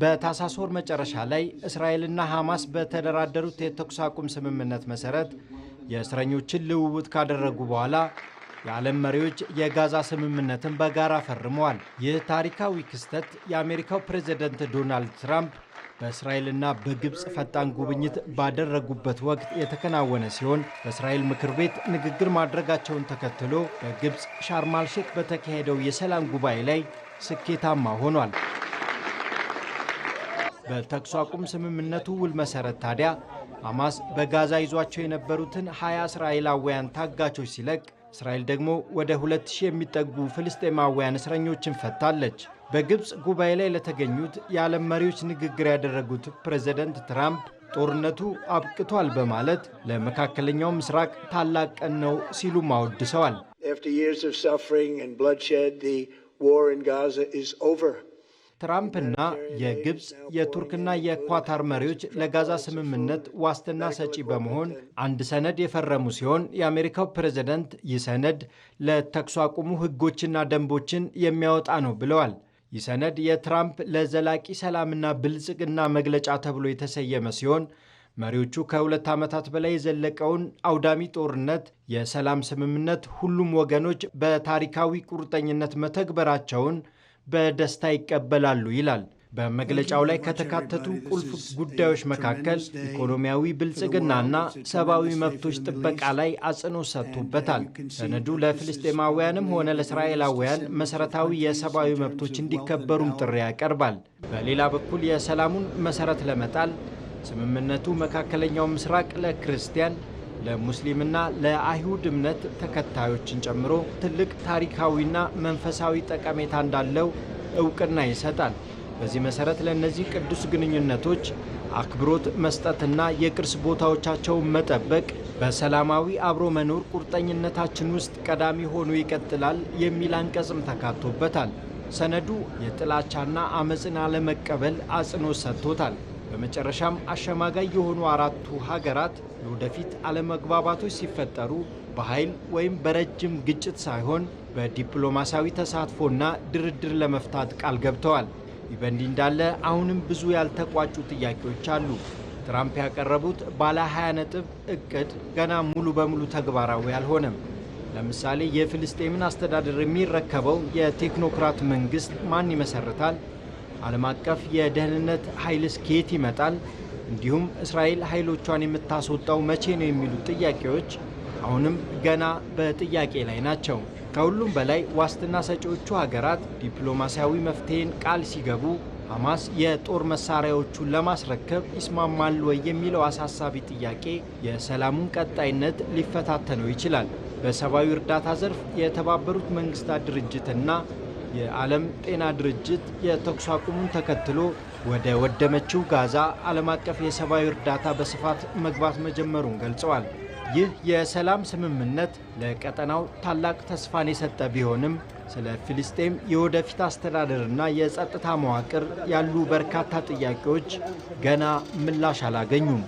በታህሳስ ወር መጨረሻ ላይ እስራኤልና ሐማስ በተደራደሩት የተኩስ አቁም ስምምነት መሠረት የእስረኞችን ልውውጥ ካደረጉ በኋላ የዓለም መሪዎች የጋዛ ስምምነትን በጋራ ፈርመዋል። ይህ ታሪካዊ ክስተት የአሜሪካው ፕሬዚደንት ዶናልድ ትራምፕ በእስራኤልና በግብፅ ፈጣን ጉብኝት ባደረጉበት ወቅት የተከናወነ ሲሆን በእስራኤል ምክር ቤት ንግግር ማድረጋቸውን ተከትሎ በግብፅ ሻርማልሼክ በተካሄደው የሰላም ጉባኤ ላይ ስኬታማ ሆኗል። በተኩስ አቁም ስምምነቱ ውል መሰረት ታዲያ ሐማስ በጋዛ ይዟቸው የነበሩትን ሀያ እስራኤላውያን ታጋቾች ሲለቅ እስራኤል ደግሞ ወደ 2000 የሚጠጉ ፍልስጤማውያን እስረኞችን ፈታለች። በግብፅ ጉባኤ ላይ ለተገኙት የዓለም መሪዎች ንግግር ያደረጉት ፕሬዝደንት ትራምፕ ጦርነቱ አብቅቷል በማለት ለመካከለኛው ምስራቅ ታላቅ ቀን ነው ሲሉም አወድሰዋል። ትራምፕና የግብፅ የቱርክና የኳታር መሪዎች ለጋዛ ስምምነት ዋስትና ሰጪ በመሆን አንድ ሰነድ የፈረሙ ሲሆን የአሜሪካው ፕሬዝደንት ይህ ሰነድ ለተኩስ አቁሙ ህጎችና ደንቦችን የሚያወጣ ነው ብለዋል። ይህ ሰነድ የትራምፕ ለዘላቂ ሰላምና ብልጽግና መግለጫ ተብሎ የተሰየመ ሲሆን መሪዎቹ ከሁለት ዓመታት በላይ የዘለቀውን አውዳሚ ጦርነት የሰላም ስምምነት ሁሉም ወገኖች በታሪካዊ ቁርጠኝነት መተግበራቸውን በደስታ ይቀበላሉ ይላል። በመግለጫው ላይ ከተካተቱ ቁልፍ ጉዳዮች መካከል ኢኮኖሚያዊ ብልጽግናና ሰብአዊ መብቶች ጥበቃ ላይ አጽንኦት ሰጥቶበታል። ሰነዱ ለፍልስጤማውያንም ሆነ ለእስራኤላውያን መሰረታዊ የሰብአዊ መብቶች እንዲከበሩም ጥሪ ያቀርባል። በሌላ በኩል የሰላሙን መሠረት ለመጣል ስምምነቱ መካከለኛው ምስራቅ ለክርስቲያን ለሙስሊምና ለአይሁድ እምነት ተከታዮችን ጨምሮ ትልቅ ታሪካዊና መንፈሳዊ ጠቀሜታ እንዳለው እውቅና ይሰጣል። በዚህ መሰረት ለእነዚህ ቅዱስ ግንኙነቶች አክብሮት መስጠትና የቅርስ ቦታዎቻቸውን መጠበቅ በሰላማዊ አብሮ መኖር ቁርጠኝነታችን ውስጥ ቀዳሚ ሆኖ ይቀጥላል የሚል አንቀጽም ተካቶበታል። ሰነዱ የጥላቻና አመፅን አለመቀበል አጽንኦት ሰጥቶታል። በመጨረሻም አሸማጋይ የሆኑ አራቱ ሀገራት ለወደፊት አለመግባባቶች ሲፈጠሩ በኃይል ወይም በረጅም ግጭት ሳይሆን በዲፕሎማሲያዊ ተሳትፎና ድርድር ለመፍታት ቃል ገብተዋል። ይህ በእንዲህ እንዳለ አሁንም ብዙ ያልተቋጩ ጥያቄዎች አሉ። ትራምፕ ያቀረቡት ባለ 20 ነጥብ እቅድ ገና ሙሉ በሙሉ ተግባራዊ አልሆነም። ለምሳሌ የፍልስጤምን አስተዳደር የሚረከበው የቴክኖክራት መንግስት ማን ይመሰርታል? ዓለም አቀፍ የደህንነት ኃይል ስኬት ይመጣል፣ እንዲሁም እስራኤል ኃይሎቿን የምታስወጣው መቼ ነው የሚሉት ጥያቄዎች አሁንም ገና በጥያቄ ላይ ናቸው። ከሁሉም በላይ ዋስትና ሰጪዎቹ ሀገራት ዲፕሎማሲያዊ መፍትሄን ቃል ሲገቡ ሐማስ የጦር መሳሪያዎቹን ለማስረከብ ይስማማል ወይ የሚለው አሳሳቢ ጥያቄ የሰላሙን ቀጣይነት ሊፈታተነው ይችላል። በሰብአዊ እርዳታ ዘርፍ የተባበሩት መንግስታት ድርጅትና የዓለም ጤና ድርጅት የተኩስ አቁሙን ተከትሎ ወደ ወደመችው ጋዛ ዓለም አቀፍ የሰብአዊ እርዳታ በስፋት መግባት መጀመሩን ገልጸዋል። ይህ የሰላም ስምምነት ለቀጠናው ታላቅ ተስፋን የሰጠ ቢሆንም ስለ ፊልስጤም የወደፊት አስተዳደርና የጸጥታ መዋቅር ያሉ በርካታ ጥያቄዎች ገና ምላሽ አላገኙም።